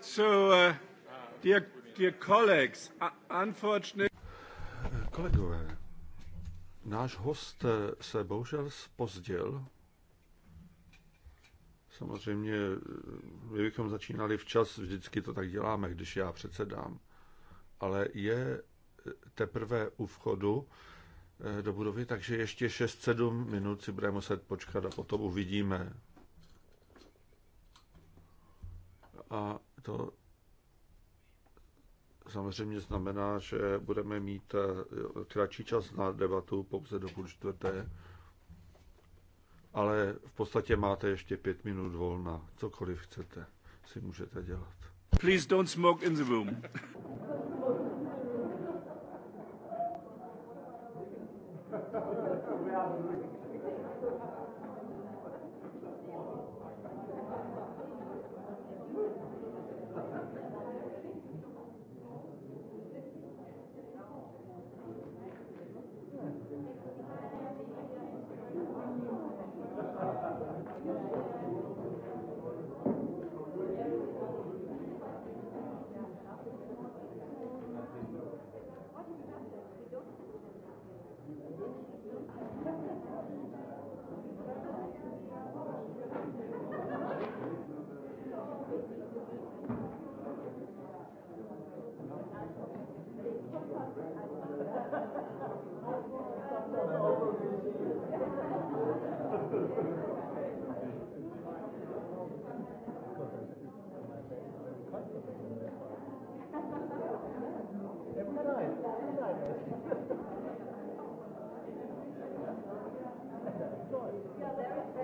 So, uh, dear, dear colleagues, uh, unfortunately... Kolegové, náš host eh, se bohužel spozdil. Samozřejmě, kdybychom eh, začínali včas, vždycky to tak děláme, když já předsedám. Ale je eh, teprve u vchodu do budovy, takže ještě 6-7 minut si budeme muset počkat a potom uvidíme, a to samozřejmě znamená, že budeme mít eh, kratší čas na debatu pouze do půl čtvrté, ale v podstatě máte ještě pět minut volna. Cokoliv chcete, si můžete dělat. Please don't smoke in the room.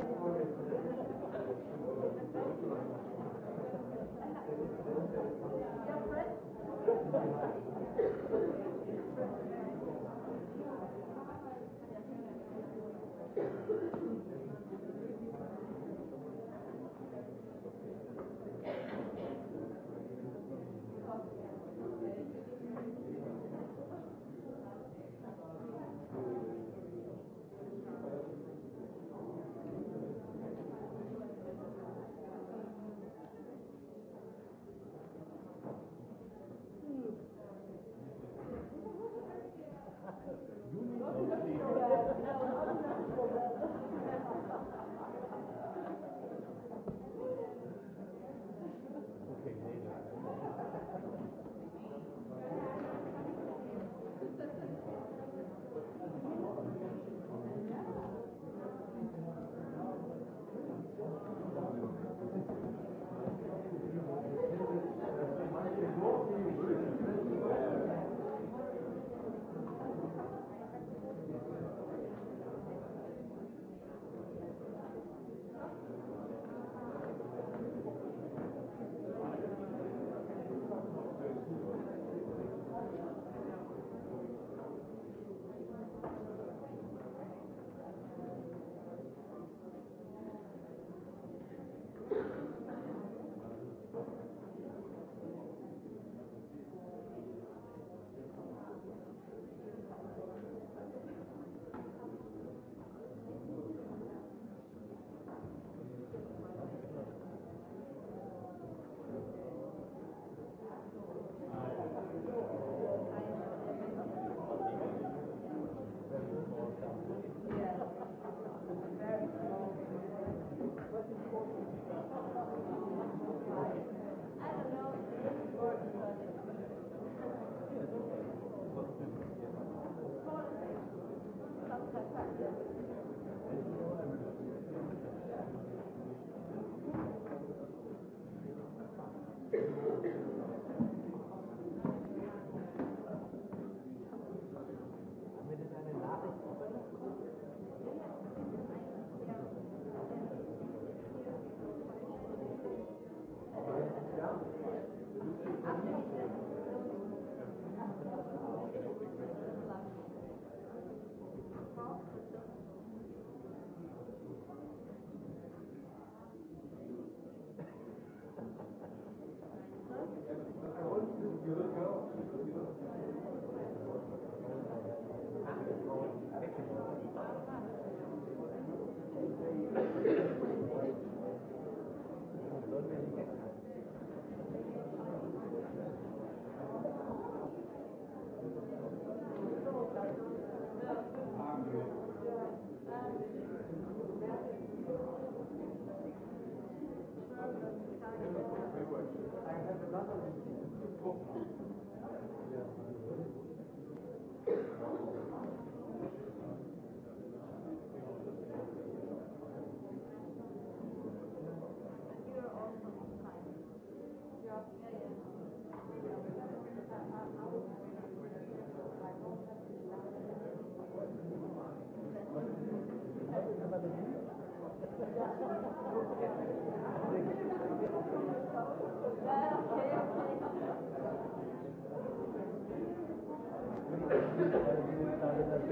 Thank you.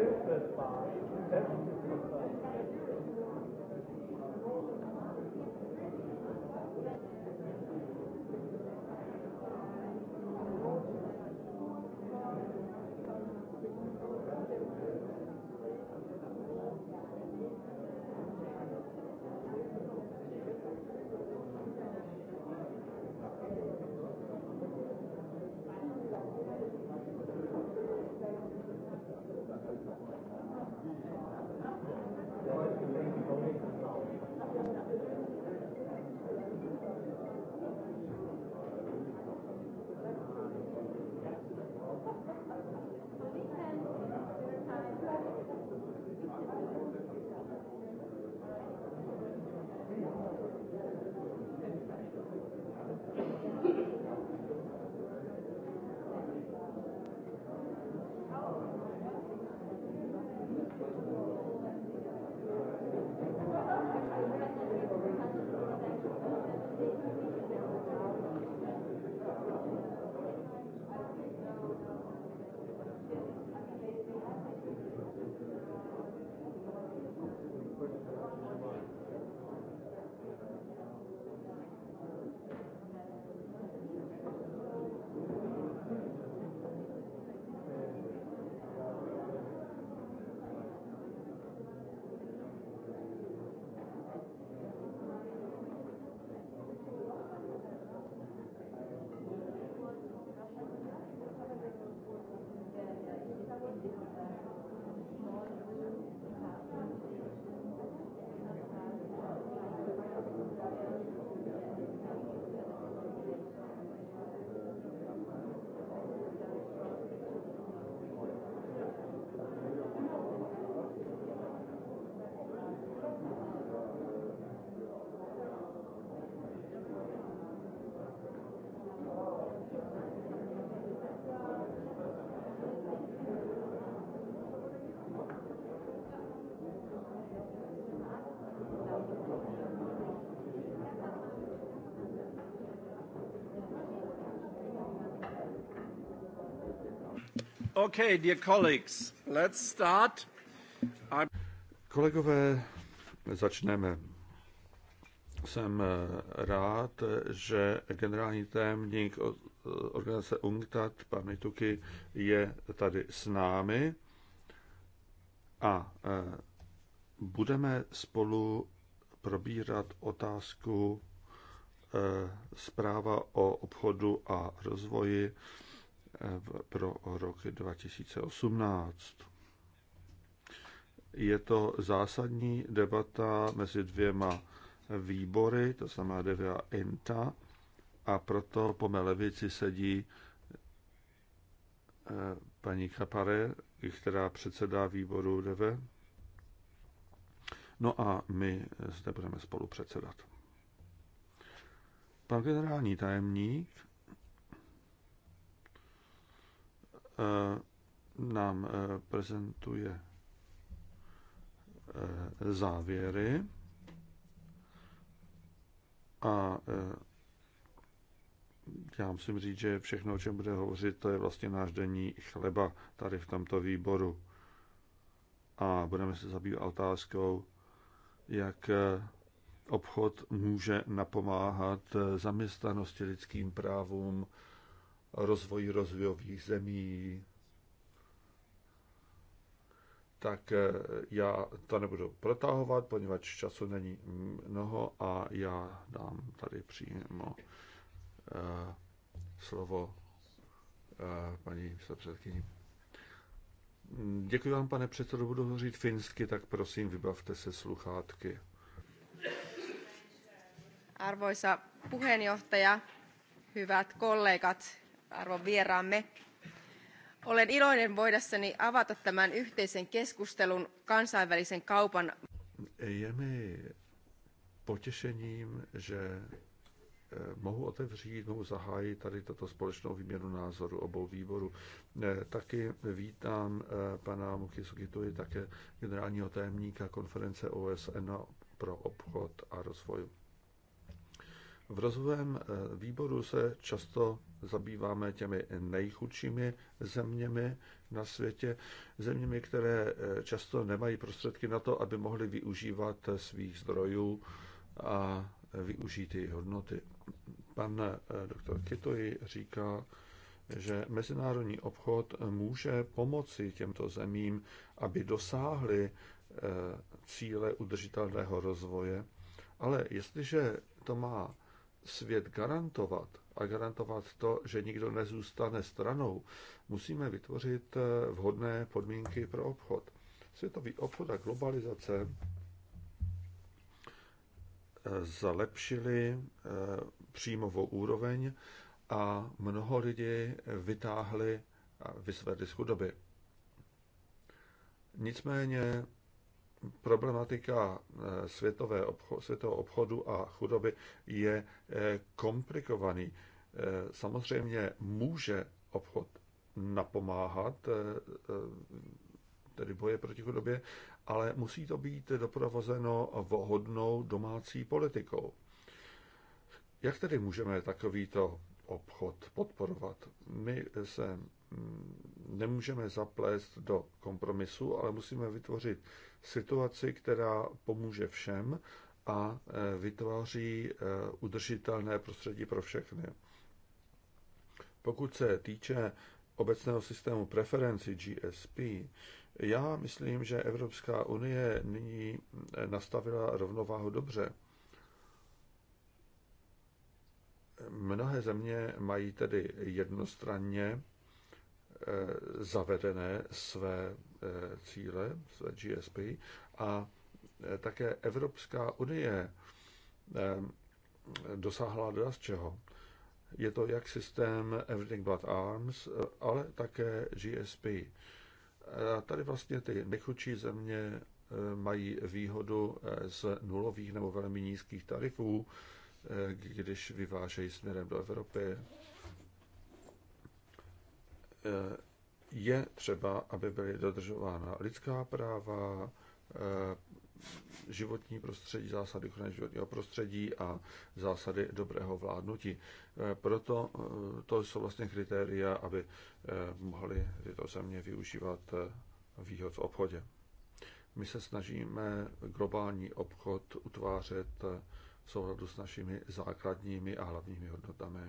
Hilfsbahn, Okay, dear colleagues, let's start. I'm... Kolegové, začneme. Jsem eh, rád, že generální témník eh, organizace UNCTAD, pan Mituky, je tady s námi a eh, budeme spolu probírat otázku zpráva o obchodu a rozvoji pro rok 2018. Je to zásadní debata mezi dvěma výbory, to znamená DVA INTA, a proto po mé levici sedí eh, paní Kapare, která předsedá výboru DV. No a my zde budeme spolu předsedat. Pan generální tajemník Eh, nám eh, prezentuje eh, závěry a já musím říct, že všechno, o čem bude hovořit, to je vlastně náš denní chleba tady v tomto výboru. A budeme se zabývat otázkou, jak obchod může napomáhat zaměstnanosti lidským právům, rozvoji rozvojových zemí, tak eh, já to nebudu protahovat, poněvadž času není mnoho a já dám tady přímo eh, slovo eh, paní předsedkyni. Děkuji vám, pane předsedo, budu hovořit finsky, tak prosím, vybavte se sluchátky. Arvoisa puheenjohtaja, hyvät kollegat arvon vieraamme. Olen iloinen voidessani avata tämän yhteisen keskustelun kansainvälisen kaupan. Je mi potěšením, že e, mohu otevřít, mohu zahájit tady tato společnou výměnu názoru obou výborů. E, taky vítám e, pana Muky také generálního tajemníka konference OSN pro obchod a rozvoj. V rozvojem eh, výboru se často zabýváme těmi nejchudšími zeměmi na světě, zeměmi, které eh, často nemají prostředky na to, aby mohly využívat svých zdrojů a využít jejich hodnoty. Pan eh, doktor Kitoji říká, že mezinárodní obchod může pomoci těmto zemím, aby dosáhly cíle udržitelného rozvoje, ale jestliže to má svět garantovat a garantovat to, že nikdo nezůstane stranou, musíme vytvořit eh, vhodné podmínky pro obchod. Světový obchod a globalizace eh, zalepšili eh, příjmovou úroveň a mnoho lidí vytáhli a vysvedli z chudoby. Nicméně problematika eh, světové obcho- světového obchodu a chudoby je eh, komplikovaný. Eh, samozřejmě může obchod napomáhat tedy boje proti chudobě, ale musí to být doprovozeno vhodnou domácí politikou. Jak tedy můžeme takovýto obchod podporovat? My se Mm, nemůžeme zaplést do kompromisu, ale musíme vytvořit situaci, která pomůže všem a e, vytváří e, udržitelné prostředí pro všechny. Pokud se týče obecného systému preferenci GSP, já myslím, že Evropská unie nyní e, nastavila rovnováhu dobře. Mnohé země mají tedy jednostranně Eh, zavedené své eh, cíle, své GSP a eh, také Evropská unie dosáhla do čeho. Je to jak systém Everything But Arms, ale také GSP. A tady vlastně ty nejchudší země mají výhodu z nulových nebo velmi nízkých tarifů, když vyvážejí směrem do Evropy je třeba, aby byly dodržována lidská práva, eh, životní prostředí, zásady ochrany životního prostředí a zásady dobrého vládnutí. Eh, proto eh, to jsou vlastně kritéria, aby mohly tyto země využívat výhod v obchodě. My se snažíme globální obchod utvářet v souhladu s našimi základními a hlavními hodnotami.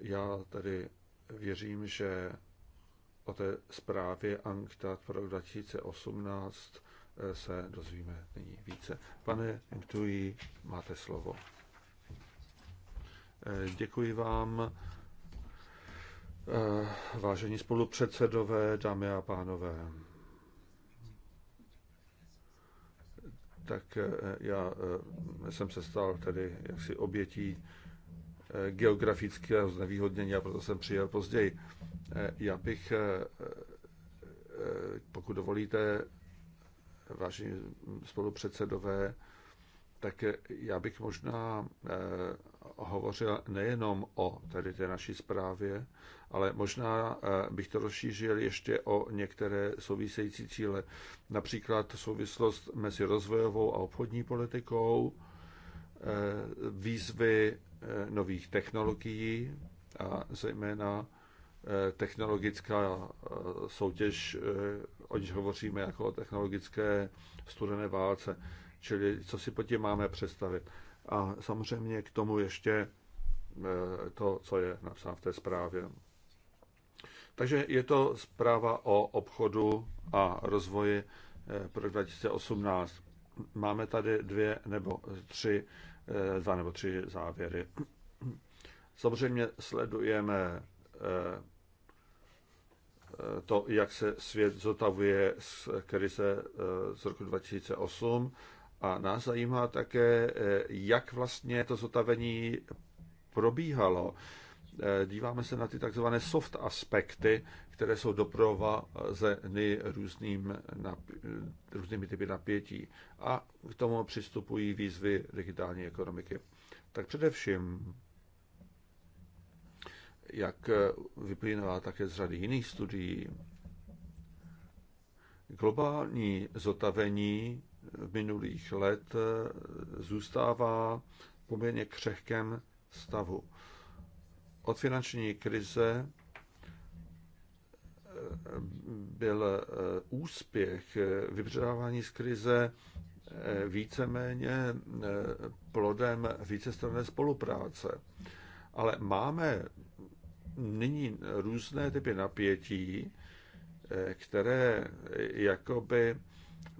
Já tedy věřím, že o té zprávě Anktat pro 2018 eh, se dozvíme nyní více. Pane Intuji, máte slovo. Eh, děkuji vám, eh, vážení spolupředsedové, dámy a pánové. Tak já jsem se stal tedy jaksi obětí geografického znevýhodnění a proto jsem přijel později. Eh, já bych, eh, eh, pokud dovolíte, vaši spolupředsedové, tak já bych možná hovořil nejenom o tady té naší zprávě, ale možná bych to rozšířil ještě o některé související cíle. Například souvislost mezi rozvojovou a obchodní politikou, výzvy Eh, nových technologií a zejména eh, technologická eh, soutěž, o níž hovoříme jako o technologické studené válce, čili co si po tím máme představit. A samozřejmě k tomu ještě to, co je napsáno v té zprávě. Takže je to zpráva o obchodu a rozvoji pro 2018. Máme tady dvě nebo tři Eh, dva nebo tři závěry. Samozřejmě sledujeme eh, eh, to, jak se svět zotavuje z krize z roku 2008 a nás zajímá také, jak vlastně to zotavení probíhalo Eh, díváme se na ty takzvané soft aspekty, které jsou doprovázeny různým různými typy napětí a k tomu přistupují výzvy digitální ekonomiky. Tak především, jak vyplývá také z řady jiných studií, globální zotavení v minulých let eh, zůstává v poměrně křehkém stavu. Od finanční krize eh, byl eh, úspěch vybředávání z krize eh, víceméně plodem vícestranné spolupráce. Ale máme nyní různé typy napětí, které jakoby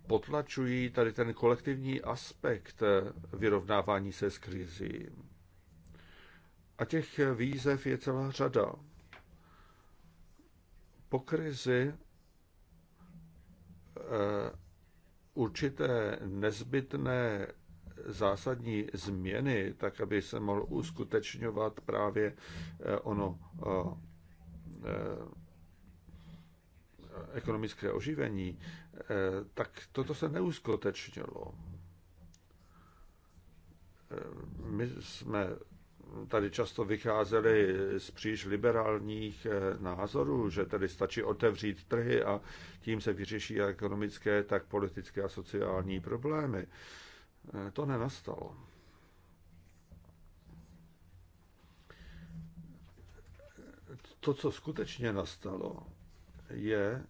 potlačují tady ten kolektivní aspekt vyrovnávání se s krizí. A těch výzev je celá řada. Po krizi eh, určité nezbytné zásadní změny, tak aby se mohl uskutečňovat právě eh, ono eh, ekonomické oživení, tak toto se neuskutečnilo. My jsme tady často vycházeli z příliš liberálních eh, názorů, že tady stačí otevřít trhy a tím se vyřeší jak ekonomické, tak politické a sociální problémy. Eh, to nenastalo. To, co skutečně nastalo, je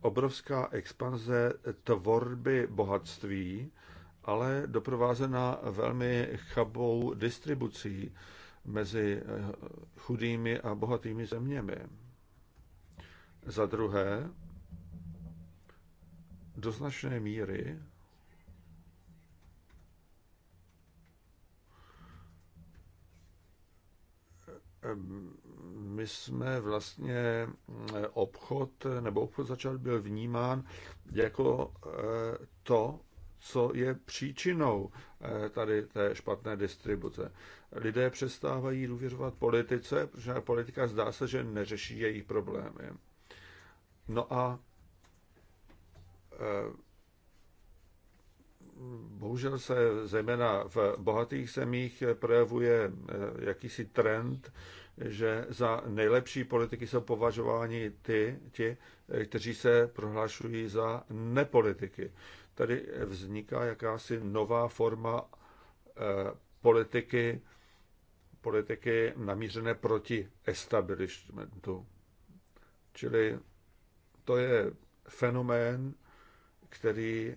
obrovská expanze tvorby bohatství, ale doprovázena velmi chabou distribucí mezi eh, chudými a bohatými zeměmi. Za druhé, do značné míry ehm, my jsme vlastně eh, obchod, nebo obchod začal byl vnímán jako eh, to, co je příčinou eh, tady té špatné distribuce. Lidé přestávají důvěřovat politice, protože politika zdá se, že neřeší jejich problémy. No a eh, bohužel se zejména v bohatých zemích projevuje eh, jakýsi trend, že za nejlepší politiky jsou považováni ty, ti, kteří se prohlašují za nepolitiky tady vzniká jakási nová forma eh, politiky, politiky namířené proti establishmentu. Čili to je fenomén, který eh,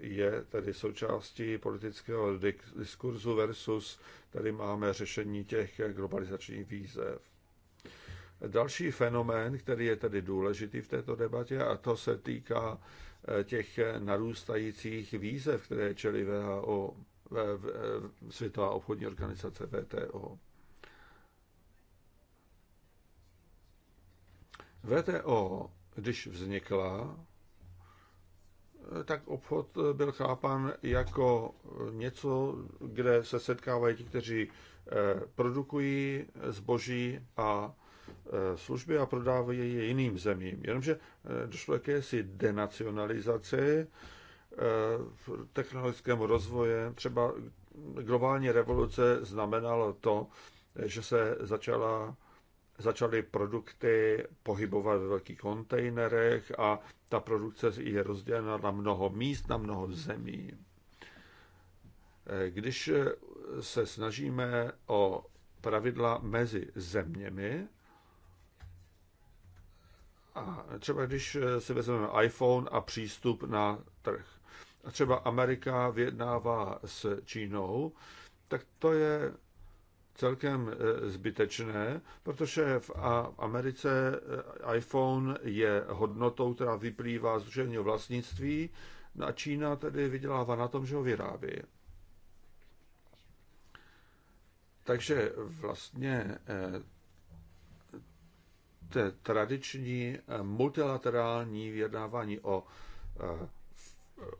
je tady součástí politického diskurzu versus tady máme řešení těch globalizačních výzev. Další fenomén, který je tady důležitý v této debatě, a to se týká Eh, těch narůstajících výzev, které čelí VHO, eh, Světová obchodní organizace VTO. VTO, když vznikla, eh, tak obchod byl chápan jako něco, kde se setkávají ti, kteří produkují zboží a Eh, služby a prodávají je jiným zemím. Jenomže eh, došlo k jakési denacionalizaci, eh, technologickému rozvoje. Třeba globální revoluce znamenalo to, že se začala, začaly produkty pohybovat ve velkých kontejnerech a ta produkce je rozdělena na mnoho míst, na mnoho zemí. Když se snažíme o pravidla mezi zeměmi, a třeba když eh, si vezmeme iPhone a přístup na trh. A třeba Amerika vyjednává s Čínou, tak to je celkem eh, zbytečné, protože v Americe eh, iPhone je hodnotou, která vyplývá z duševního vlastnictví, no a Čína tedy vydělává na tom, že ho vyrábí. Takže vlastně té tradiční eh, multilaterální vyjednávání o eh,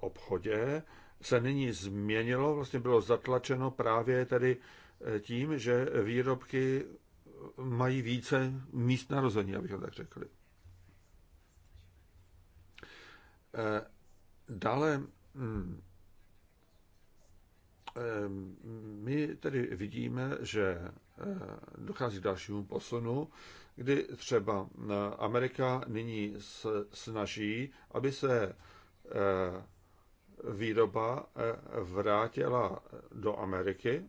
obchodě se nyní změnilo, vlastně bylo zatlačeno právě tedy eh, tím, že výrobky mají více míst narození, abychom tak řekli. Dále hm, my tedy vidíme, že dochází k dalšímu posunu kdy třeba eh, Amerika nyní snaží, aby se eh, výroba eh, vrátila do Ameriky,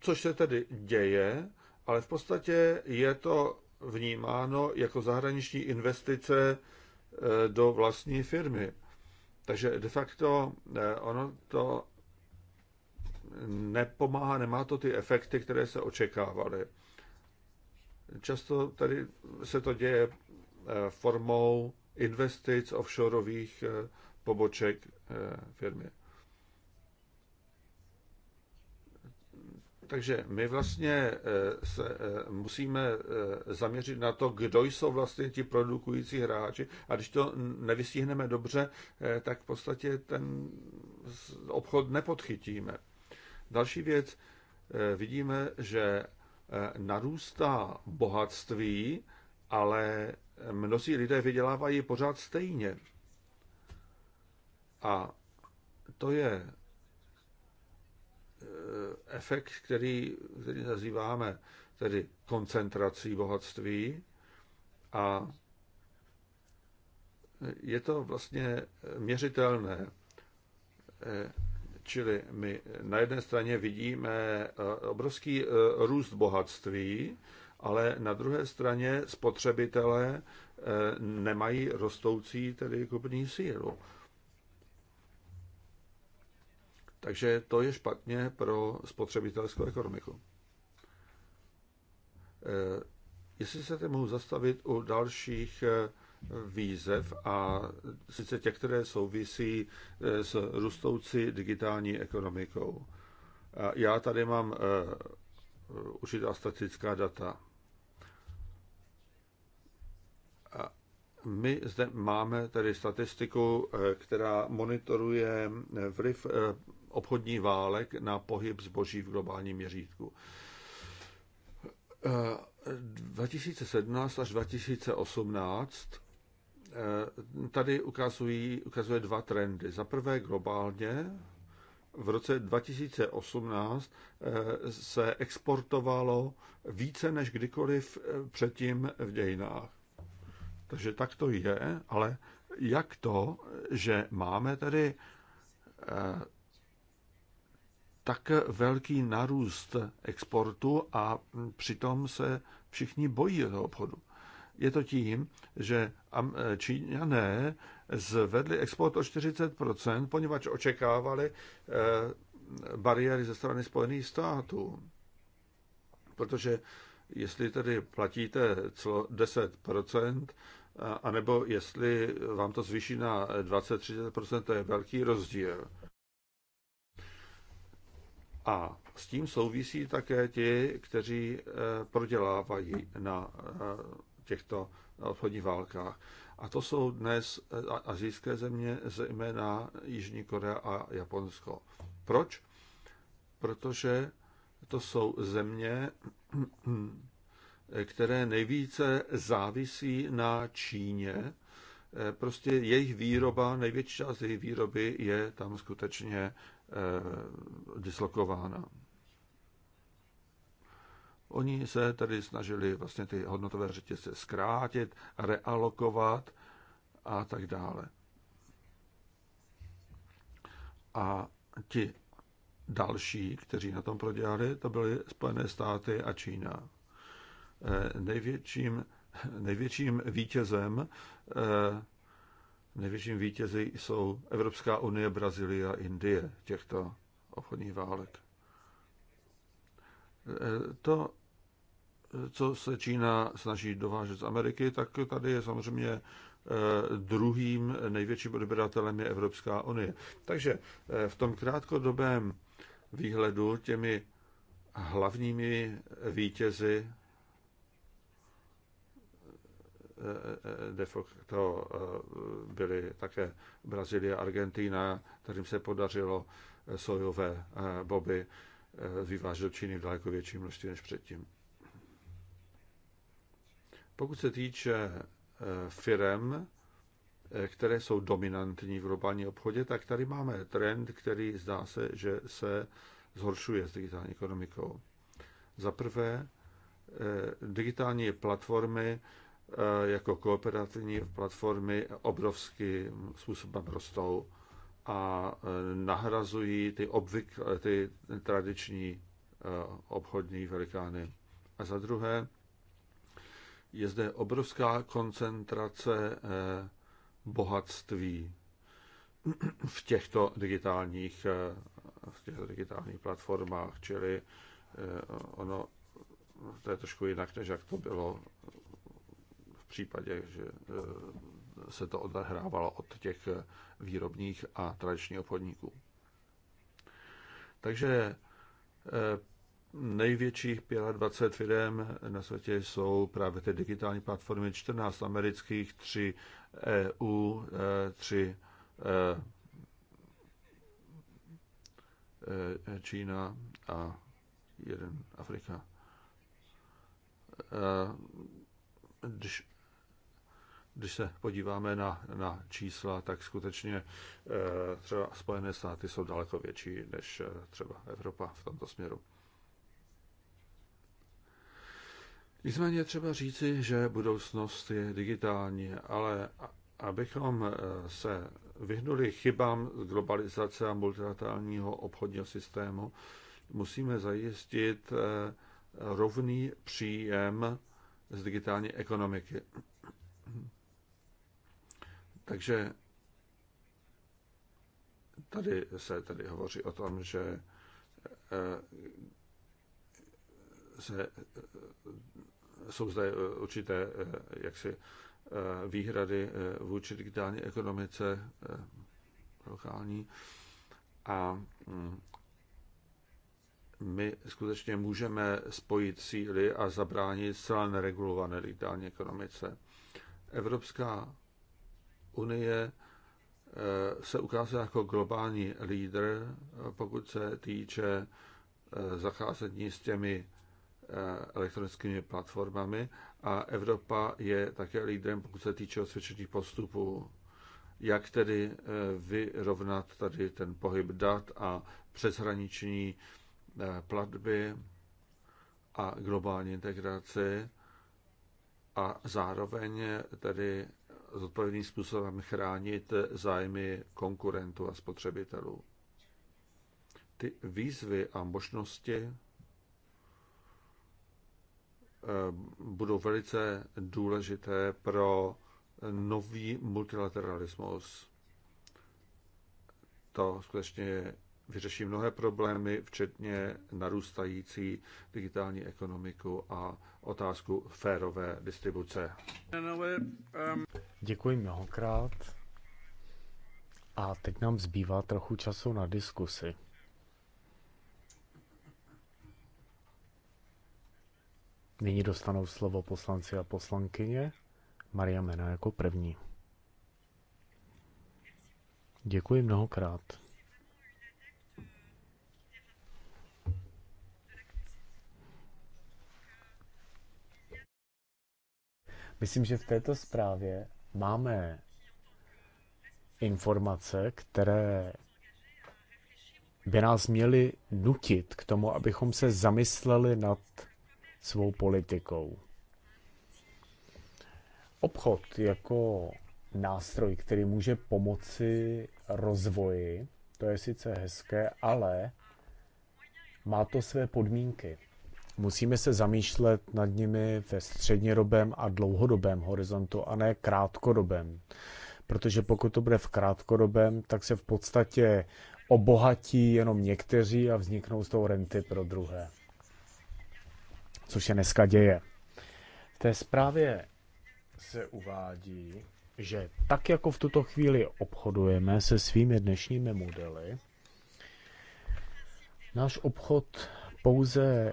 což se tedy děje, ale v podstatě je to vnímáno jako zahraniční investice do vlastní firmy. Takže de facto ono to nepomáhá, nemá to ty efekty, které se očekávaly. Často tady se to děje eh, formou investic offshoreových eh, poboček eh, firmy. Takže my vlastně se musíme zaměřit na to, kdo jsou vlastně ti produkující hráči a když to nevystihneme dobře, tak v podstatě ten obchod nepodchytíme. Další věc, vidíme, že Eh, narůstá bohatství, ale mnozí lidé vydělávají pořád stejně. A to je eh, efekt, který, který nazýváme tedy koncentrací bohatství a je to vlastně měřitelné. Eh, Čili my na jedné straně vidíme eh, obrovský eh, růst bohatství, ale na druhé straně spotřebitelé eh, nemají rostoucí tedy kupní sílu. Takže to je špatně pro spotřebitelskou ekonomiku. Jestli se teď mohu zastavit u dalších výzev a sice těch, které souvisí eh, s rostoucí digitální ekonomikou. Já tady mám eh, určitá statická data. My zde máme tady statistiku, eh, která monitoruje vliv obchodní válek na pohyb zboží v globálním měřítku. 2017 až 2018 Eh, tady ukazují, ukazuje dva trendy. Za prvé globálně, v roce 2018 eh, se exportovalo více než kdykoliv eh, předtím v dějinách. Takže tak to je, ale jak to, že máme tedy tak velký narůst exportu a hm, přitom se všichni bojí toho obchodu. Je to tím, že Číňané zvedli export o 40%, poněvadž očekávali eh, bariéry ze strany Spojených států. Protože jestli tedy platíte celo 10%, anebo jestli vám to zvýší na 20-30%, to je velký rozdíl. A s tím souvisí také ti, kteří eh, prodělávají na eh, těchto obchodních válkách. A to jsou dnes azijské země, zejména Jižní Korea a Japonsko. Proč? Protože to jsou země, které nejvíce závisí na Číně. Prostě jejich výroba, největší část jejich výroby je tam skutečně eh, dislokována. Oni se tedy snažili vlastně ty hodnotové řetězce zkrátit, realokovat a tak dále. A ti další, kteří na tom prodělali, to byly Spojené státy a Čína. Eh, největším, největším vítězem eh, největším vítězí jsou Evropská unie, Brazílie a Indie těchto obchodních válek. To, co se Čína snaží dovážet z Ameriky, tak tady je samozřejmě eh, druhým největším odběratelem je Evropská unie. Takže eh, v tom krátkodobém výhledu těmi hlavními vítězy, eh, de facto byly také Brazílie, Argentina, kterým se podařilo sojové boby. Eh, vyvážet do Číny v daleko větší množství než předtím. Pokud se týče eh, firem, eh, které jsou dominantní v globálním obchodě, tak tady máme trend, který zdá se, že se zhoršuje s digitální ekonomikou. Za prvé, digitální platformy jako kooperativní platformy obrovským způsobem rostou a e, nahrazují ty, obvyk, ty tradiční e, obchodní velikány. A za druhé, je zde obrovská koncentrace e, bohatství v těchto digitálních, v těchto digitálních platformách, čili ono to je trošku jinak, než jak to bylo v případě, že se to odehrávalo od těch výrobních a tradičních obchodníků. Takže eh, největších 25 firm na světě jsou právě ty digitální platformy, 14 amerických, 3 EU, 3 Čína a jeden Afrika. Eh, když když se podíváme na, na čísla, tak skutečně eh, třeba Spojené státy jsou daleko větší než eh, třeba Evropa v tomto směru. Nicméně třeba říci, že budoucnost je digitální, ale abychom eh, se vyhnuli chybám globalizace a multilaterálního obchodního systému, musíme zajistit rovný příjem z digitální ekonomiky. Takže tady se tady hovoří o tom, že eh, se, eh, jsou zde eh, určité jaksi výhrady vůči digitální ekonomice lokální a hm, my skutečně můžeme spojit síly a zabránit zcela neregulované digitální ekonomice. Evropská unie eh, se ukázala jako globální lídr, eh, pokud se týče eh, zacházení s těmi elektronickými platformami a Evropa je také lídrem, pokud se týče osvědčených postupů. Jak tedy vyrovnat tady ten pohyb dat a přeshraniční platby a globální integraci a zároveň tedy zodpovědným způsobem chránit zájmy konkurentů a spotřebitelů. Ty výzvy a možnosti eh, budou velice důležité pro nový multilateralismus. To skutečně vyřeší mnohé problémy, včetně narůstající digitální ekonomiku a otázku férové distribuce. Děkuji mnohokrát. A teď nám zbývá trochu času na diskusi. Nyní dostanou slovo poslanci a poslankyně. Maria Mena jako první. Děkuji mnohokrát. Myslím, že v této zprávě máme informace, které by nás měly nutit k tomu, abychom se zamysleli nad svou politikou. Obchod jako nástroj, který může pomoci rozvoji, to je sice hezké, ale má to své podmínky. Musíme se zamýšlet nad nimi ve střednědobém a dlouhodobém horizontu a ne krátkodobém. Protože pokud to bude v krátkodobém, tak se v podstatě obohatí jenom někteří a vzniknou z toho renty pro druhé. Což se dneska děje. V té zprávě se uvádí, že tak jako v tuto chvíli obchodujeme se svými dnešními modely, náš obchod pouze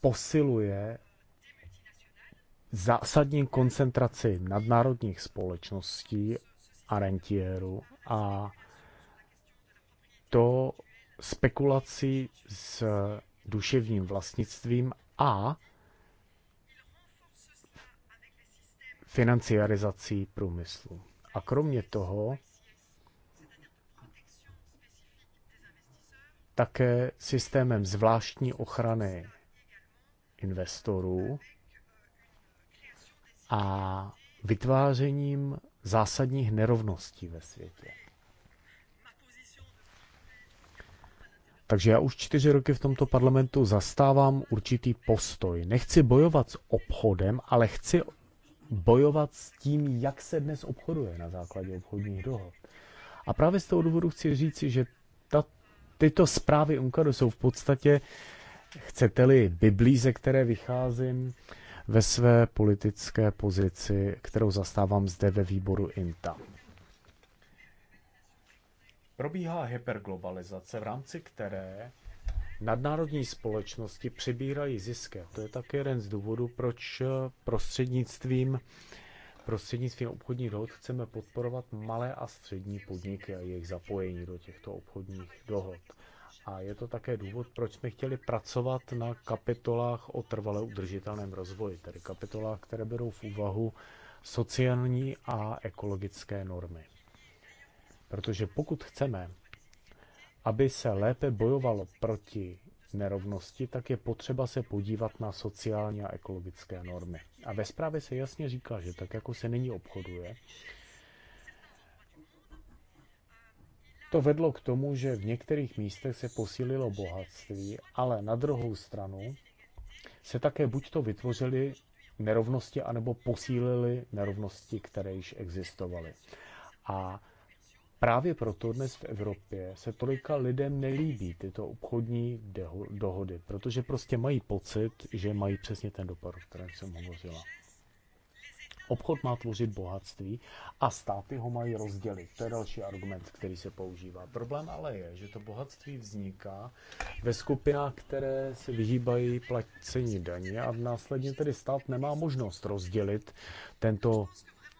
posiluje zásadní koncentraci nadnárodních společností a rentierů a to spekulací s duševním vlastnictvím a financiarizací průmyslu. A kromě toho také systémem zvláštní ochrany investorů a vytvářením zásadních nerovností ve světě. Takže já už čtyři roky v tomto parlamentu zastávám určitý postoj. Nechci bojovat s obchodem, ale chci bojovat s tím, jak se dnes obchoduje na základě obchodních dohod. A právě z toho důvodu chci říci, že ta, tyto zprávy UNCADu jsou v podstatě uh, chcete-li, Biblí, ze které vycházím ve své politické pozici, kterou zastávám zde ve výboru INTA. Probíhá hyperglobalizace, v rámci které nadnárodní společnosti přibírají zisky. To je také jeden z důvodů, proč eh, prostřednictvím prostřednictvím obchodních dohod chceme podporovat malé a střední podniky a jejich zapojení do těchto obchodních dohod. A je to také důvod, proč jsme chtěli pracovat na kapitolách o trvale udržitelném rozvoji, tedy kapitolách, které berou v úvahu sociální a ekologické normy. Protože pokud chceme, aby se lépe bojovalo proti nerovnosti, tak je potřeba se podívat na sociální a ekologické normy. A ve zprávě se jasně říká, že tak jako se nyní obchoduje, To vedlo k tomu, že v některých místech se posílilo bohatství, ale na druhou stranu se také buď to vytvořily nerovnosti, anebo posílily nerovnosti, které již existovaly. A právě proto dnes v Evropě se tolika lidem nelíbí tyto obchodní dohody, protože prostě mají pocit, že mají přesně ten dopad, o kterém jsem hovořila. Obchod má tvořit bohatství a státy ho mají rozdělit. To je další argument, který se používá. Problém ale je, že to bohatství vzniká ve skupinách, které se vyhýbají placení daně a následně tedy stát nemá možnost rozdělit tento,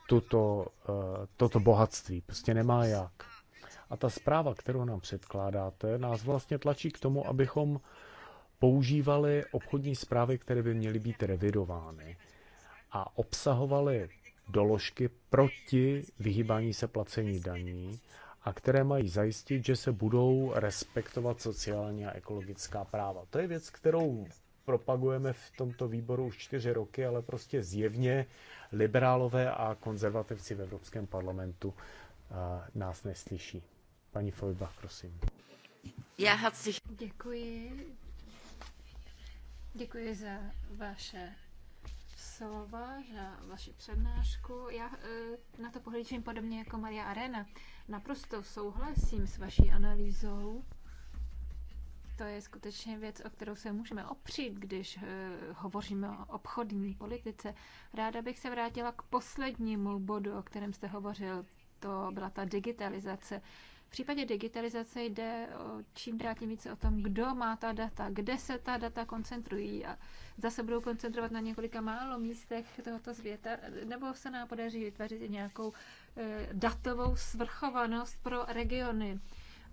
tuto, eh, toto bohatství. Prostě nemá jak. A ta zpráva, kterou nám předkládáte, nás vlastně tlačí k tomu, abychom používali obchodní zprávy, které by měly být revidovány a obsahovaly doložky proti vyhýbání se placení daní a které mají zajistit, že se budou respektovat sociální a ekologická práva. To je věc, kterou propagujeme v tomto výboru už čtyři roky, ale prostě zjevně liberálové a konzervativci v Evropském parlamentu eh, nás neslyší. Paní Fojbach, prosím. Já herzlich. Děkuji. Děkuji za vaše Sova za vaši přednášku. Já e, na to pohlížím podobně jako Maria Arena. Naprosto souhlasím s vaší analýzou. To je skutečně věc, o kterou se můžeme opřít, když e, hovoříme o obchodní politice. Ráda bych se vrátila k poslednímu bodu, o kterém jste hovořil. To byla ta digitalizace. V případě digitalizace jde o čím dál tím více o tom, kdo má ta data, kde se ta data koncentrují a zase budou koncentrovat na několika málo místech tohoto světa, nebo se nám podaří vytvořit nějakou eh, datovou svrchovanost pro regiony.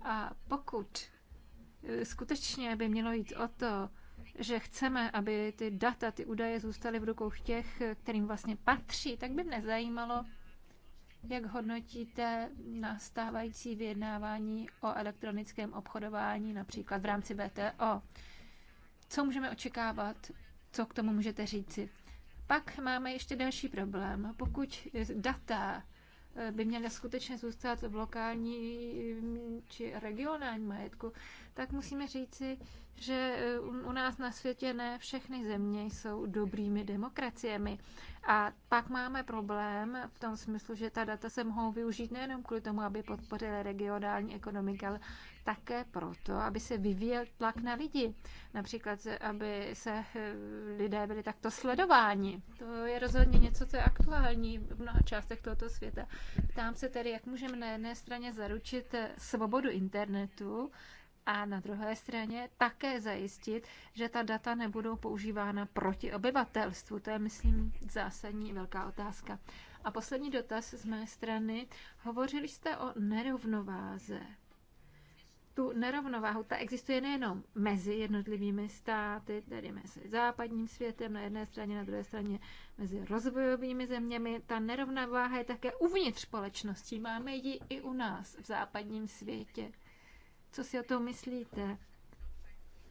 A pokud eh, skutečně by mělo jít o to, že chceme, aby ty data, ty údaje zůstaly v rukou těch, kterým vlastně patří, tak by mě zajímalo, jak hodnotíte nastávající vyjednávání o elektronickém obchodování, například v rámci VTO? Co můžeme očekávat? Co k tomu můžete říci? Pak máme ještě další problém. Pokud data eh, by měla skutečně zůstat v lokální hm, či regionální majetku, tak musíme říci, že eh, u nás na světě ne všechny země jsou dobrými demokraciemi. A pak máme problém v tom smyslu, že ta data se mohou využít nejenom kvůli tomu, aby podpořili regionální ekonomiku, ale také proto, aby se vyvíjel tlak na lidi. Například, aby se eh, lidé byli takto sledováni. To je rozhodně něco, co je aktuální v mnoha částech tohoto světa. Ptám se tedy, jak můžeme na jedné straně zaručit eh, svobodu internetu a na druhé straně také zajistit, že ta data nebudou používána proti obyvatelstvu. To je, myslím, zásadní velká otázka. A poslední dotaz z mé strany. Hovořili jste o nerovnováze. Tu nerovnováhu, ta existuje nejenom mezi jednotlivými státy, tedy mezi západním světem na jedné straně, na druhé straně mezi rozvojovými zeměmi. Ta nerovnováha je také uvnitř společnosti. Máme ji i u nás v západním světě. Co si o tom myslíte?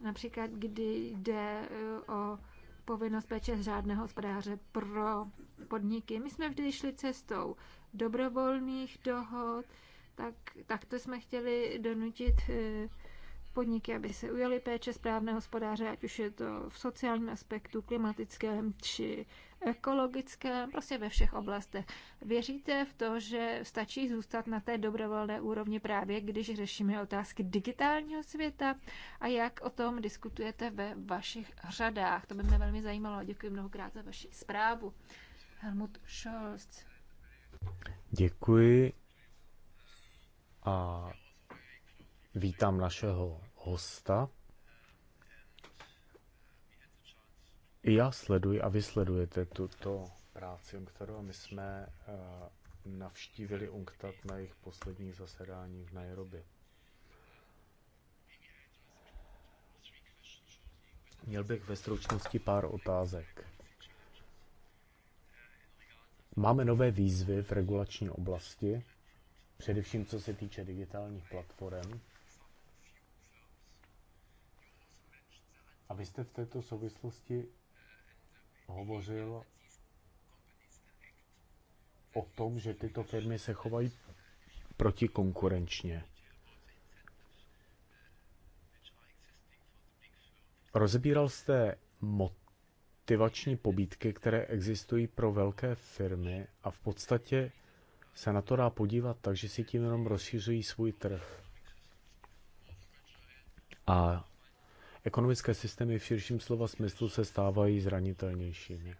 Například, kdy jde e, o povinnost péče řádného hospodáře pro podniky. My jsme vždy šli cestou dobrovolných dohod, tak, tak to jsme chtěli donutit e, podniky, aby se ujeli péče správného hospodáře, ať už je to v sociálním aspektu, klimatickém či Ekologické, prostě ve všech oblastech. Věříte v to, že stačí zůstat na té dobrovolné úrovni právě, když řešíme otázky digitálního světa a jak o tom diskutujete ve vašich řadách? To by mě velmi zajímalo. Děkuji mnohokrát za vaši zprávu. Helmut Scholz. Děkuji a vítám našeho hosta. I já sleduji a vy sledujete tuto práci UNCTADu a my jsme eh, navštívili UNCTAD na jejich poslední zasedání v Nairobi. Měl bych ve stručnosti pár otázek. Máme nové výzvy v regulační oblasti, především co se týče digitálních platform. A vy jste v této souvislosti hovořil o tom, že tyto firmy se chovají protikonkurenčně. Rozebíral jste motivační pobídky, které existují pro velké firmy a v podstatě se na to dá podívat tak, že si tím jenom rozšiřují svůj trh. A Ekonomické systémy v širším slova smyslu se stávají zranitelnějšími.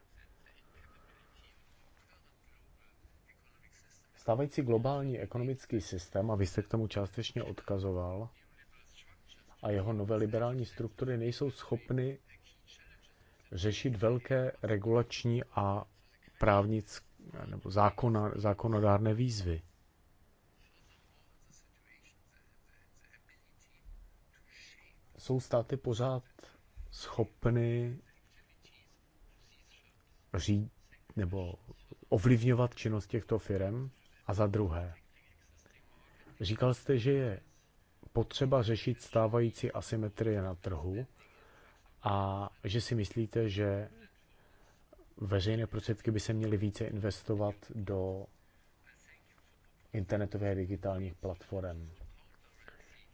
Stávající globální ekonomický systém, a vy jste k tomu částečně odkazoval, a jeho nové liberální struktury nejsou schopny řešit velké regulační a právnické nebo zákona, zákonodárné výzvy. jsou státy pořád schopny říct nebo ovlivňovat činnost těchto firm? A za druhé, říkal jste, že je potřeba řešit stávající asymetrie na trhu a že si myslíte, že veřejné prostředky by se měly více investovat do internetových digitálních platform.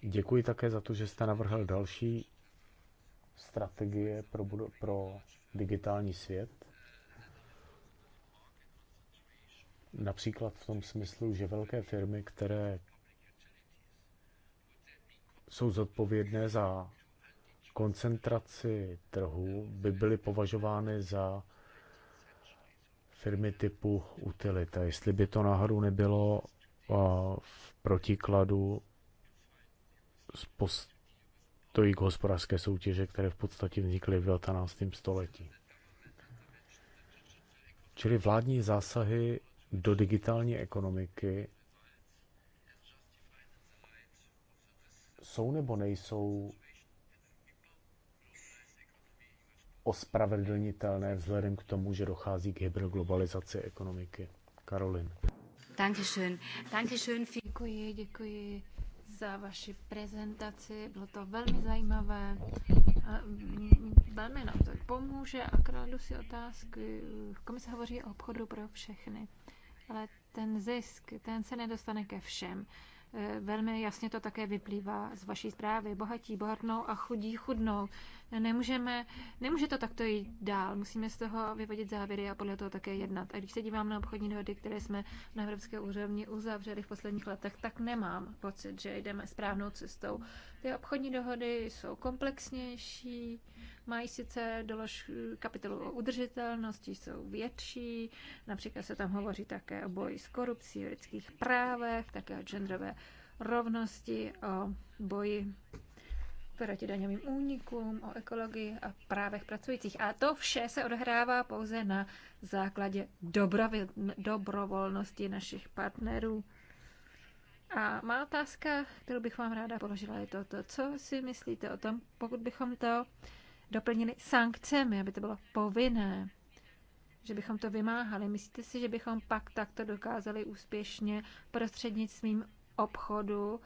Děkuji také za to, že jste navrhl další strategie pro, pro digitální svět. Například v tom smyslu, že velké firmy, které jsou zodpovědné za koncentraci trhu, by byly považovány za firmy typu utilita. Jestli by to náhodou nebylo v protikladu z postojí k hospodářské soutěže, které v podstatě vznikly v 19. století. Čili vládní zásahy do digitální ekonomiky jsou nebo nejsou ospravedlnitelné vzhledem k tomu, že dochází k hyperglobalizaci ekonomiky. Karolin. Dankeschön. Dankeschön. Děkuji, děkuji za vaši prezentaci, bylo to velmi zajímavé, velmi nám to pomůže a kladu si otázky. Komise hovoří o obchodu pro všechny, ale ten zisk, ten se nedostane ke všem. E, velmi jasně to také vyplývá z vaší zprávy. Bohatí bohatnou a chudí chudnou. Nemůžeme, nemůže to takto jít dál. Musíme z toho vyvodit závěry a podle toho také jednat. A když se dívám na obchodní dohody, které jsme na evropské úrovni uzavřeli v posledních letech, tak nemám pocit, že jdeme správnou cestou. Ty obchodní dohody jsou komplexnější, mají sice dolož kapitolu o udržitelnosti, jsou větší, například se tam hovoří také o boji s korupcí, o lidských právech, také o genderové rovnosti, o boji proti daňovým únikům, o ekologii a právech pracujících. A to vše se odehrává pouze na základě dobrovolnosti našich partnerů. A má otázka, kterou bych vám ráda položila, je toto. Co si myslíte o tom, pokud bychom to doplnili sankcemi, aby to bylo povinné, že bychom to vymáhali? Myslíte si, že bychom pak takto dokázali úspěšně prostřednictvím obchodu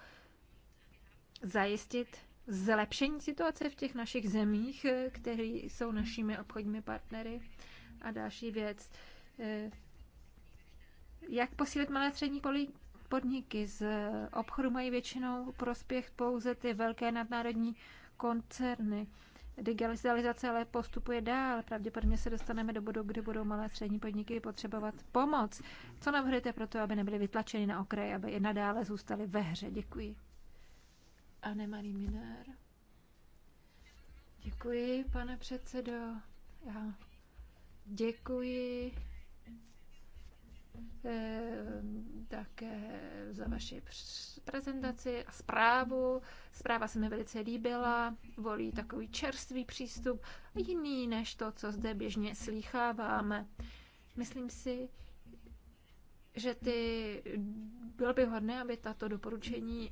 zajistit zlepšení situace v těch našich zemích, eh, které jsou našimi obchodními partnery. A další věc, eh, jak posílit malé střední podniky? Z obchodu mají většinou prospěch pouze ty velké nadnárodní koncerny. Digitalizace ale postupuje dál. Pravděpodobně se dostaneme do bodu, kdy budou malé střední podniky potřebovat pomoc. Co navrhujete pro to, aby nebyly vytlačeny na okraj, aby i nadále zůstaly ve hře? Děkuji. Anne-Marie Miner. Děkuji, pane předsedo. Já děkuji eh, také za vaši prezentaci a zprávu. Zpráva se mi velice líbila, volí takový čerstvý přístup, jiný než to, co zde běžně slýcháváme. Myslím si, že ty, bylo by hodné, aby tato doporučení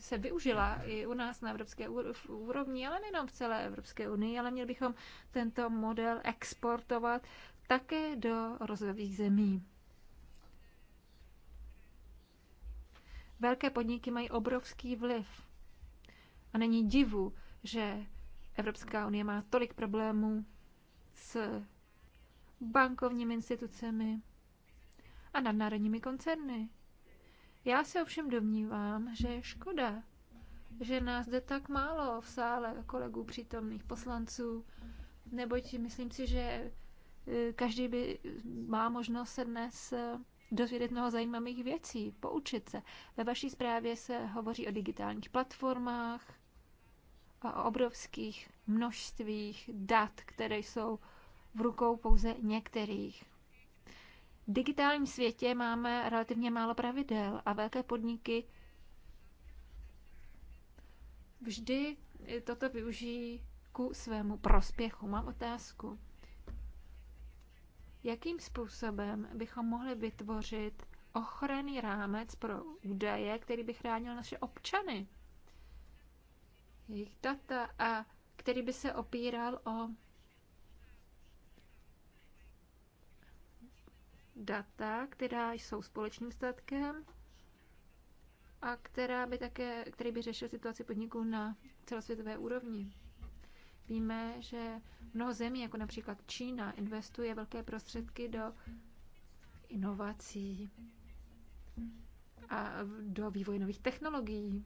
se využila i u nás na evropské úrovni, ale nejenom v celé Evropské unii, ale měli bychom tento model exportovat také do rozvojových zemí. Velké podniky mají obrovský vliv. A není divu, že Evropská unie má tolik problémů s bankovními institucemi a nadnárodními koncerny. Já se ovšem domnívám, že je škoda, že nás jde tak málo v sále kolegů přítomných poslanců, neboť myslím si, že eh, každý by eh, má možnost se dnes eh, dozvědět mnoho zajímavých věcí, poučit se. Ve vaší zprávě se hovoří o digitálních platformách a o obrovských množstvích dat, které jsou v rukou pouze některých digitálním světě máme relativně málo pravidel a velké podniky vždy toto využijí ku svému prospěchu. Mám otázku. Jakým způsobem bychom mohli vytvořit ochranný rámec pro údaje, který by chránil naše občany, jejich data a který by se opíral o data, která jsou společným statkem a která by také, který by řešil situaci podniků na celosvětové úrovni. Víme, že mnoho zemí, jako například Čína, investuje velké prostředky do inovací a do vývoje nových technologií.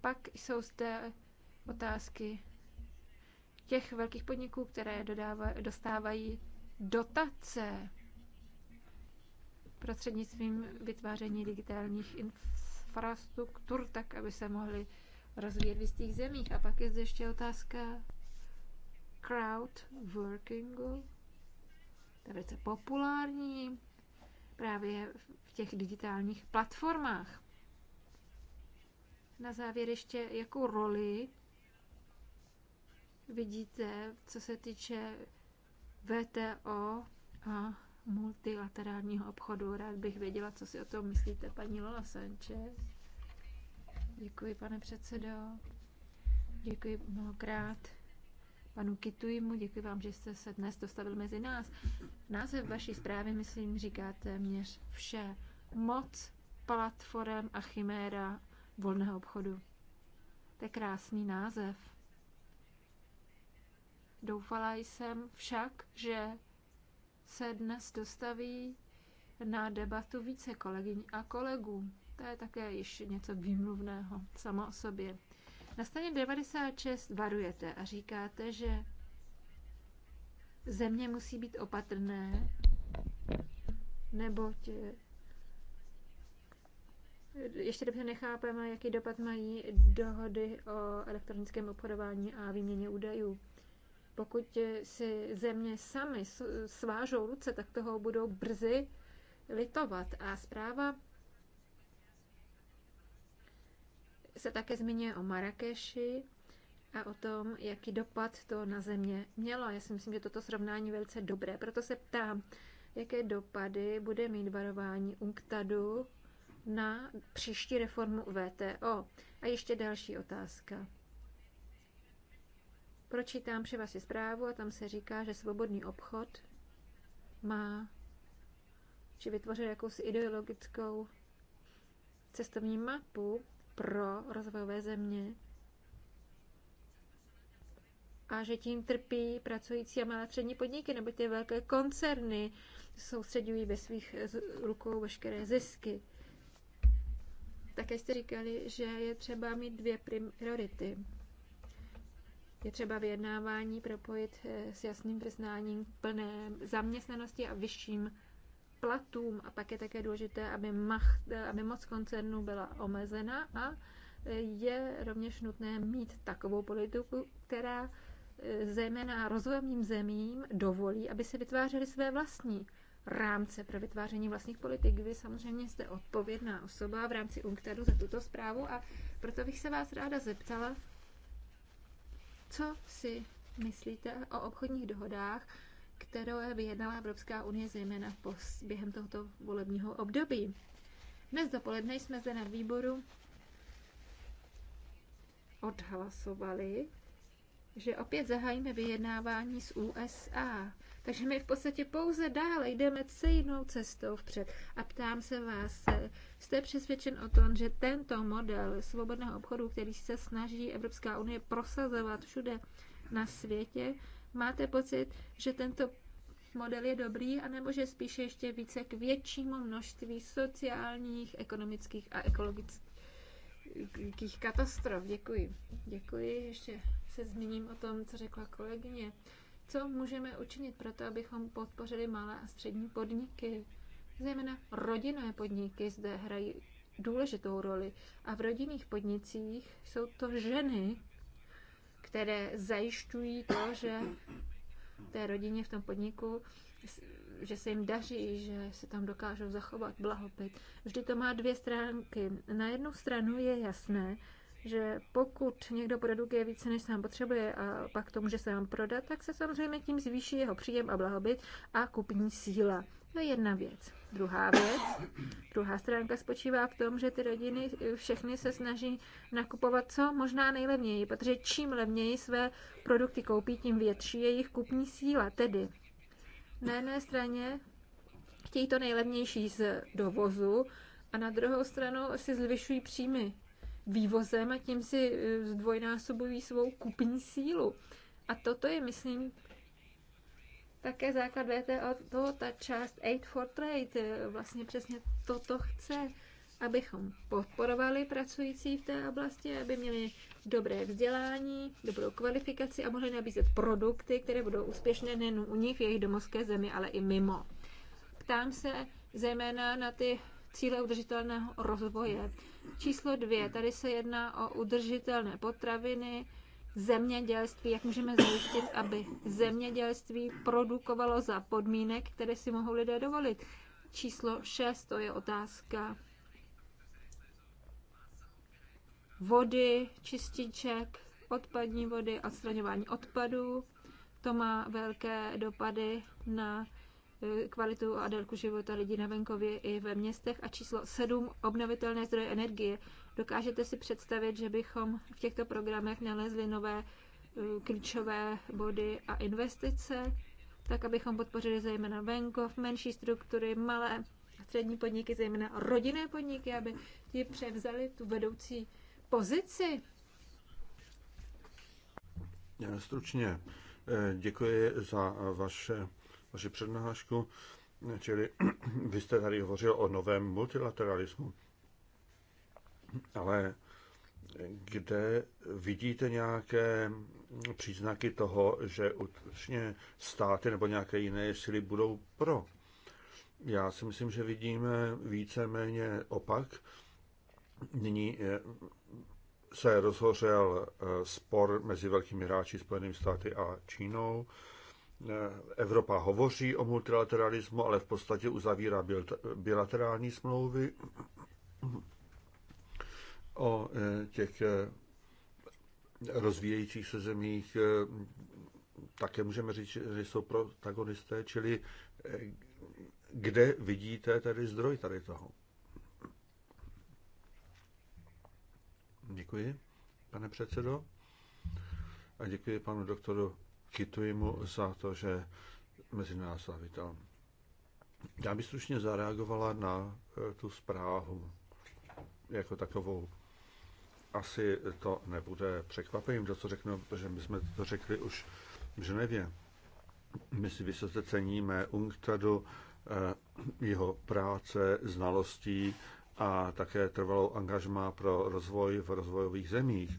Pak jsou zde otázky těch velkých podniků, které dodávají, dostávají dotace prostřednictvím vytváření digitálních infrastruktur, tak aby se mohly rozvíjet v jistých zemích. A pak je zde ještě otázka crowdworkingu, To je velice populární právě v těch digitálních platformách. Na závěr ještě, jakou roli vidíte, co se týče VTO a multilaterálního obchodu. Rád bych věděla, co si o tom myslíte, paní Lola Sanchez. Děkuji, pane předsedo. Děkuji mnohokrát panu Kitujmu, děkuji vám, že jste se dnes dostavil mezi nás. Název vaší zprávy, myslím, říká téměř vše. Moc, platform a chiméra volného obchodu. To je krásný název. Doufala jsem však, že se dnes dostaví na debatu více kolegyň a kolegů. To je také již něco výmluvného samo o sobě. Na straně 96 varujete a říkáte, že země musí být opatrné, neboť eh, ještě dobře nechápeme, jaký dopad mají dohody o elektronickém obchodování a výměně údajů. Pokud eh, si země sami svážou ruce, tak toho budou brzy litovat. A zpráva se také zmiňuje o Marrakeši a o tom, jaký dopad to na země mělo. Já si myslím, že toto srovnání je velice dobré. Proto se ptám, jaké dopady bude mít varování UNCTADu na příští reformu VTO. A ještě další otázka pročítám při vaši zprávu a tam se říká, že svobodný obchod má, či vytvořil jakousi ideologickou cestovní mapu pro rozvojové země a že tím trpí pracující a malé střední podniky, nebo ty velké koncerny soustředují ve svých rukou veškeré zisky. Také jste říkali, že je třeba mít dvě priority. Je třeba vyjednávání propojit eh, s jasným přiznáním plné zaměstnanosti a vyšším platům. A pak je také důležité, aby, mach, eh, aby moc koncernů byla omezena a eh, je rovněž nutné mít takovou politiku, která zejména rozvojovým zemím dovolí, aby se vytvářely své vlastní rámce pro vytváření vlastních politik. Vy samozřejmě jste odpovědná osoba v rámci UNCTADu za tuto zprávu a proto bych se vás ráda zeptala, co si myslíte o obchodních dohodách, které vyjednala Evropská unie zejména během tohoto volebního období? Dnes dopoledne jsme zde na výboru odhlasovali, že opět zahájíme vyjednávání s USA. Takže my v podstatě pouze dále jdeme stejnou cestou vpřed. A ptám se vás, jste přesvědčen o tom, že tento model svobodného obchodu, který se snaží Evropská unie prosazovat všude na světě, máte pocit, že tento model je dobrý, anebo že spíše ještě více k většímu množství sociálních, ekonomických a ekologických katastrof. Děkuji. Děkuji. Ještě se zmíním o tom, co řekla kolegyně. Co můžeme učinit pro to, abychom podpořili malé a střední podniky? Zejména rodinné podniky zde hrají důležitou roli. A v rodinných podnicích jsou to ženy, které zajišťují to, že té rodině v tom podniku, že se jim daří, že se tam dokážou zachovat blahobyt. Vždy to má dvě stránky. Na jednu stranu je jasné, že pokud někdo produkuje více, než sám potřebuje a pak to může sám prodat, tak se samozřejmě tím zvýší jeho příjem a blahobyt a kupní síla. To je jedna věc. Druhá věc, druhá stránka spočívá v tom, že ty rodiny všechny se snaží nakupovat co možná nejlevněji, protože čím levněji své produkty koupí, tím větší je jejich kupní síla. Tedy na jedné straně chtějí to nejlevnější z dovozu a na druhou stranu si zvyšují příjmy vývozem a tím si eh, zdvojnásobují svou kupní sílu. A toto je, myslím, také základ VTO, to, ta část Aid for Trade, eh, vlastně přesně toto chce, abychom podporovali pracující v té oblasti, aby měli dobré vzdělání, dobrou kvalifikaci a mohli nabízet produkty, které budou úspěšné nejen u nich, v jejich domovské zemi, ale i mimo. Ptám se zejména na ty cíle udržitelného rozvoje. Číslo dvě, tady se jedná o udržitelné potraviny, zemědělství, jak můžeme zajistit, aby zemědělství produkovalo za podmínek, které si mohou lidé dovolit. Číslo šest to je otázka vody, čističek, odpadní vody, odstraňování odpadů. To má velké dopady na Eh, kvalitu a délku života lidí na venkově i ve městech a číslo 7 obnovitelné zdroje energie. Dokážete si představit, že bychom v těchto programech nalezli nové eh, klíčové body a investice, tak abychom podpořili zejména venkov, menší struktury, malé a střední podniky, zejména rodinné podniky, aby ti převzali tu vedoucí pozici. Stručně eh, děkuji za vaše vaši přednášku, čili vy jste tady hovořil o novém multilateralismu, ale kde vidíte nějaké příznaky toho, že určitě státy nebo nějaké jiné síly budou pro. Já si myslím, že vidíme víceméně opak. Nyní eh, se rozhořel eh, spor mezi velkými hráči Spojenými státy a Čínou. Eh, Evropa hovoří o multilateralismu, ale v podstatě uzavírá bilaterální smlouvy o eh, těch eh, rozvíjejících se zemích. Také můžeme říct, že jsou protagonisté, čili kde vidíte tedy zdroj tady toho? Děkuji, pane předsedo. A děkuji panu doktoru Kytuji mu za to, že mezi nás zavítal. Já bych slušně zareagovala na eh, tu zprávu jako takovou. Asi to nebude překvapením, to, co řeknu, protože my jsme to řekli už v Ženevě. My si vysoce ceníme UNCTADu, eh, jeho práce, znalostí a také trvalou angažmá pro rozvoj v rozvojových zemích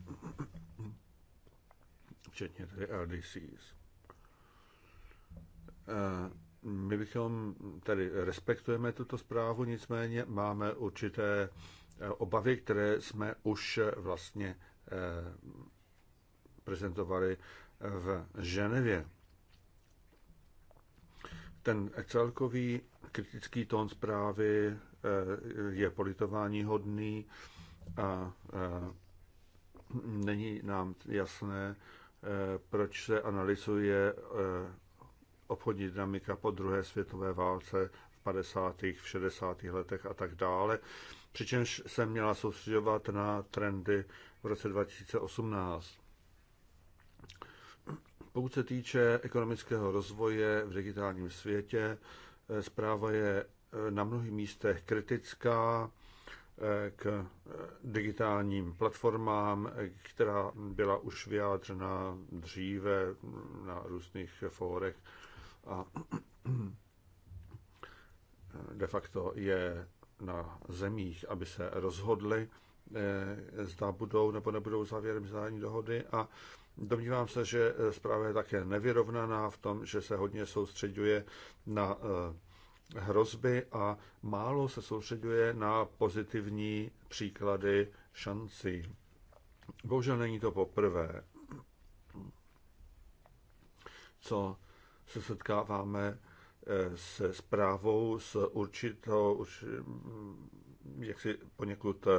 včetně tedy LDCs. Eh, my bychom tady respektujeme tuto zprávu, nicméně máme určité eh, obavy, které jsme už eh, vlastně prezentovali v Ženevě. Ten celkový kritický tón zprávy je politování hodný a není nám jasné, Eh, proč se analyzuje eh, obchodní dynamika po druhé světové válce v 50., v 60. letech a tak dále. Přičemž se měla soustředovat na trendy v roce 2018. Pokud se týče ekonomického rozvoje v digitálním světě, eh, zpráva je na mnohých místech kritická, k eh, digitálním platformám, eh, která byla už vyjádřena dříve mm, na různých fórech a eh, de facto je na zemích, aby se rozhodli, zda budou nebo nebudou závěrem mezinárodní dohody a domnívám se, že zpráva je také nevyrovnaná v tom, že se hodně soustředuje na hrozby a málo se soustředuje na pozitivní příklady šancí. Bohužel není to poprvé, co se setkáváme eh, se zprávou s určitou, už hm, jaksi poněkud eh,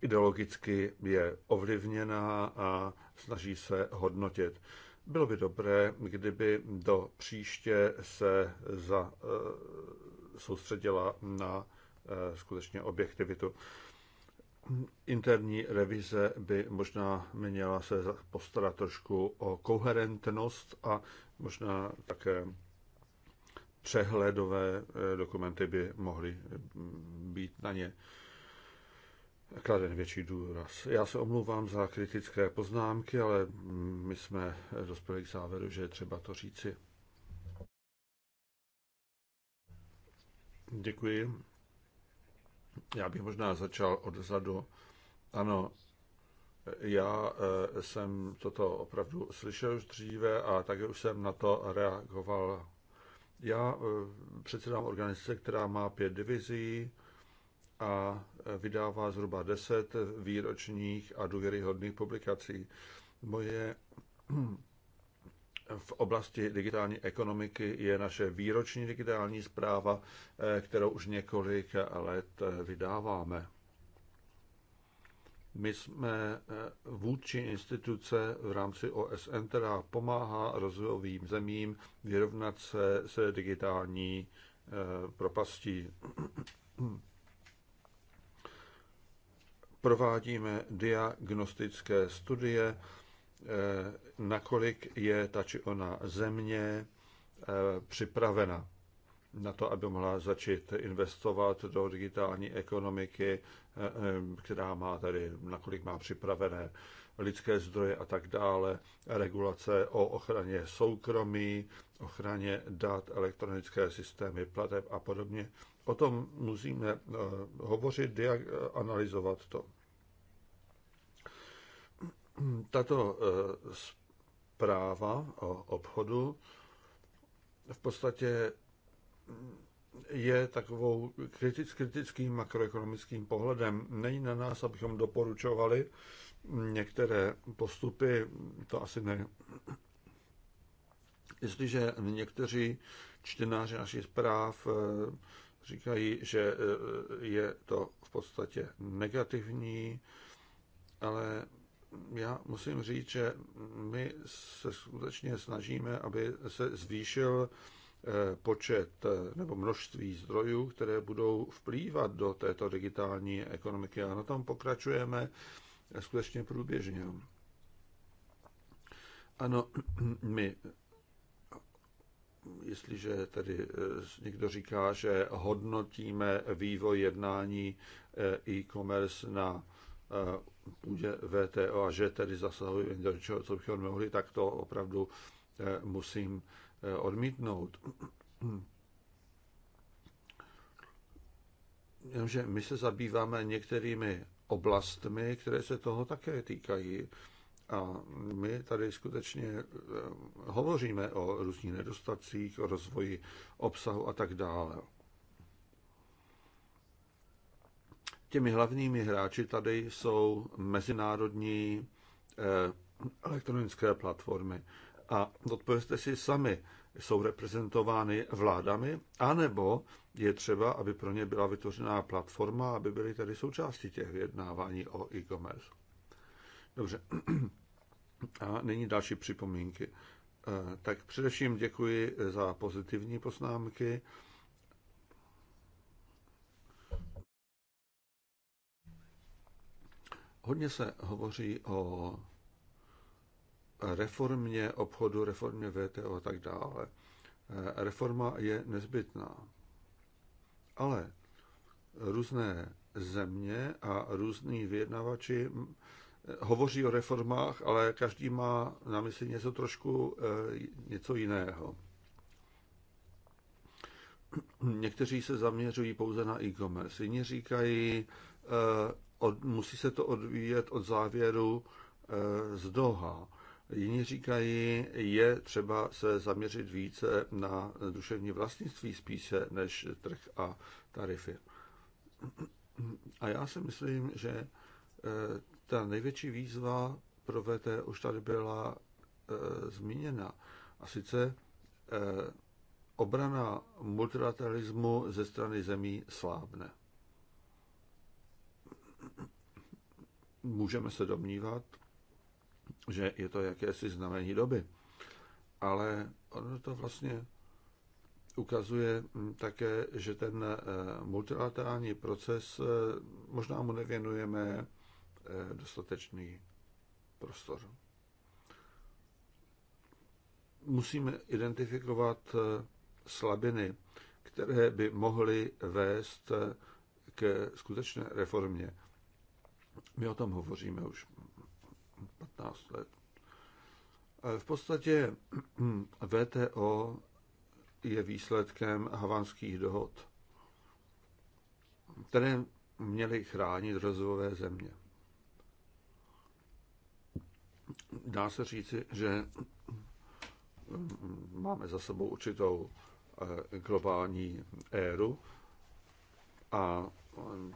ideologicky je ovlivněná a snaží se hodnotit. Bylo by dobré, kdyby do příště se za, eh, soustředila na eh, skutečně objektivitu. Interní revize by možná měla se postarat trošku o koherentnost a možná také přehledové eh, dokumenty by mohly mm, být na ně kladen větší důraz. Já se omlouvám za kritické poznámky, ale my jsme dospěli k závěru, že je třeba to říci. Děkuji. Já bych možná začal odzadu. Ano, já eh, jsem toto opravdu slyšel už dříve a také už jsem na to reagoval. Já eh, předsedám organizace, která má pět divizí, a vydává zhruba 10 výročních a důvěryhodných publikací. Moje v oblasti digitální ekonomiky je naše výroční digitální zpráva, eh, kterou už několik let vydáváme. My jsme eh, vůdčí instituce v rámci OSN, která pomáhá rozvojovým zemím vyrovnat se s digitální eh, propastí. provádíme diagnostické studie, eh, nakolik je ta či ona země eh, připravena na to, aby mohla začít investovat do digitální ekonomiky, eh, která má tady, nakolik má připravené lidské zdroje a tak dále, regulace o ochraně soukromí, ochraně dat, elektronické systémy, plateb a podobně. O tom musíme hovořit, analyzovat to. Tato eh, zpráva o obchodu v podstatě mm, je takovou kritic, kritickým makroekonomickým pohledem. Není na nás, abychom doporučovali některé postupy, to asi ne. Jestliže někteří čtenáři našich zpráv eh, říkají, že eh, je to v podstatě negativní, ale já musím říct, že my se skutečně snažíme, aby se zvýšil eh, počet eh, nebo množství zdrojů, které budou vplývat do této digitální ekonomiky. A na tom pokračujeme eh, skutečně průběžně. Ano, my, jestliže tedy někdo říká, že hodnotíme vývoj jednání e-commerce na Půjde VTO a že tedy zasahují, do něčeho, co bychom mohli, tak to opravdu eh, musím eh, odmítnout. Jenomže my se zabýváme některými oblastmi, které se toho také týkají. A my tady skutečně eh, hovoříme o různých nedostatcích, o rozvoji obsahu a tak dále. Těmi hlavními hráči tady jsou mezinárodní eh, elektronické platformy. A odpověste si sami, jsou reprezentovány vládami, anebo je třeba, aby pro ně byla vytvořená platforma, aby byly tady součástí těch vyjednávání o e-commerce. Dobře. A nyní další připomínky. Eh, tak především děkuji za pozitivní poznámky. Hodně se hovoří o reformě obchodu, reformě VTO a tak dále. Reforma je nezbytná. Ale různé země a různí vyjednavači hovoří o reformách, ale každý má na mysli něco trošku e, něco jiného. Někteří se zaměřují pouze na e-commerce, jiní říkají, e, od, musí se to odvíjet od závěru eh, z Doha. Jiní říkají, je třeba se zaměřit více na duševní vlastnictví spíše než trh a tarify. A já si myslím, že eh, ta největší výzva pro VT už tady byla eh, zmíněna. A sice obrana multilateralismu ze strany zemí slábne. můžeme se domnívat, že je to jakési znamení doby. Ale ono to vlastně ukazuje mm, také, že ten eh, multilaterální proces eh, možná mu nevěnujeme eh, dostatečný prostor. Musíme identifikovat slabiny, které by mohly vést k skutečné reformě. My o tom hovoříme už 15 let. E, v podstatě VTO je výsledkem havanských dohod, které měly chránit rozvojové země. Dá se říci, že máme za sebou určitou e, globální éru a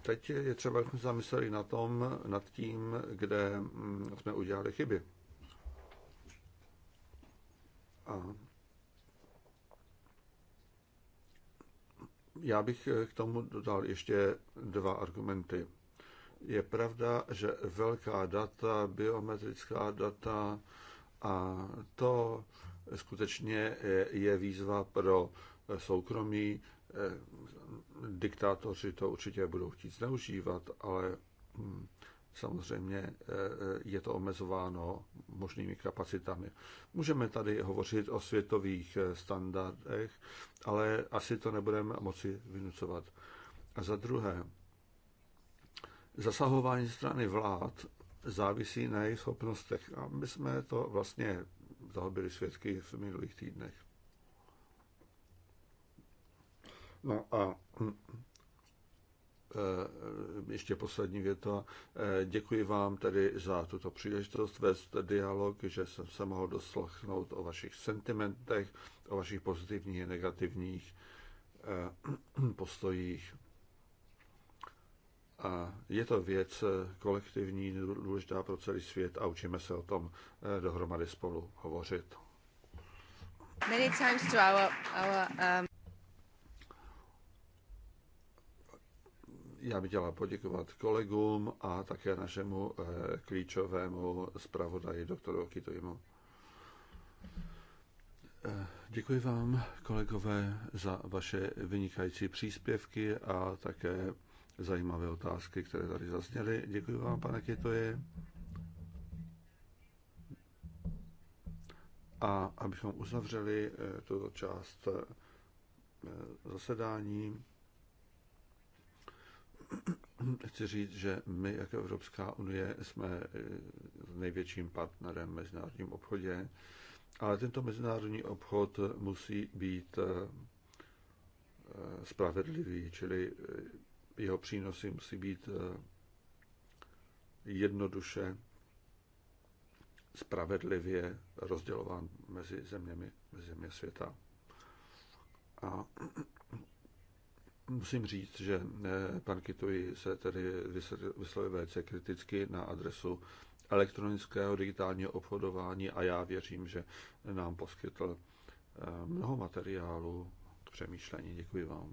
Teď je třeba, abychom se zamysleli na tom, nad tím, kde mm, jsme udělali chyby. A já bych eh, k tomu dodal ještě dva argumenty. Je pravda, že velká data, biometrická data a to skutečně eh, je výzva pro soukromí, eh, diktátoři to určitě budou chtít zneužívat, ale hm, samozřejmě eh, eh, je to omezováno možnými kapacitami. Můžeme tady hovořit o světových eh, standardech, ale asi to nebudeme moci vynucovat. A za druhé, zasahování strany vlád závisí na jejich schopnostech. A my jsme to vlastně toho byli svědky v minulých týdnech. No a hm, eh, ještě poslední věta. Eh, děkuji vám tedy za tuto příležitost vést dialog, že jsem se mohl doslechnout o vašich sentimentech, o vašich pozitivních a negativních eh, postojích. A je to věc kolektivní, důležitá pro celý svět a učíme se o tom dohromady spolu hovořit. Many times to our, our, um... Já bych chtěla poděkovat kolegům a také našemu eh, klíčovému zpravodaji doktoru Kitojmu. Eh, děkuji vám, kolegové, za vaše vynikající příspěvky a také zajímavé otázky, které tady zazněly. Děkuji vám, pane Kitoje. A abychom uzavřeli eh, tuto část zasedání, chci říct, že my jako Evropská unie jsme eh, největším partnerem v mezinárodním obchodě, ale tento mezinárodní obchod musí být eh, spravedlivý, čili eh, jeho přínosy musí být jednoduše spravedlivě rozdělován mezi zeměmi, mezi země světa. A musím říct, že eh, pan Kituji se tedy vyslovil velice kriticky na adresu elektronického digitálního obchodování a já věřím, že nám poskytl eh, mnoho materiálu k přemýšlení. Děkuji vám.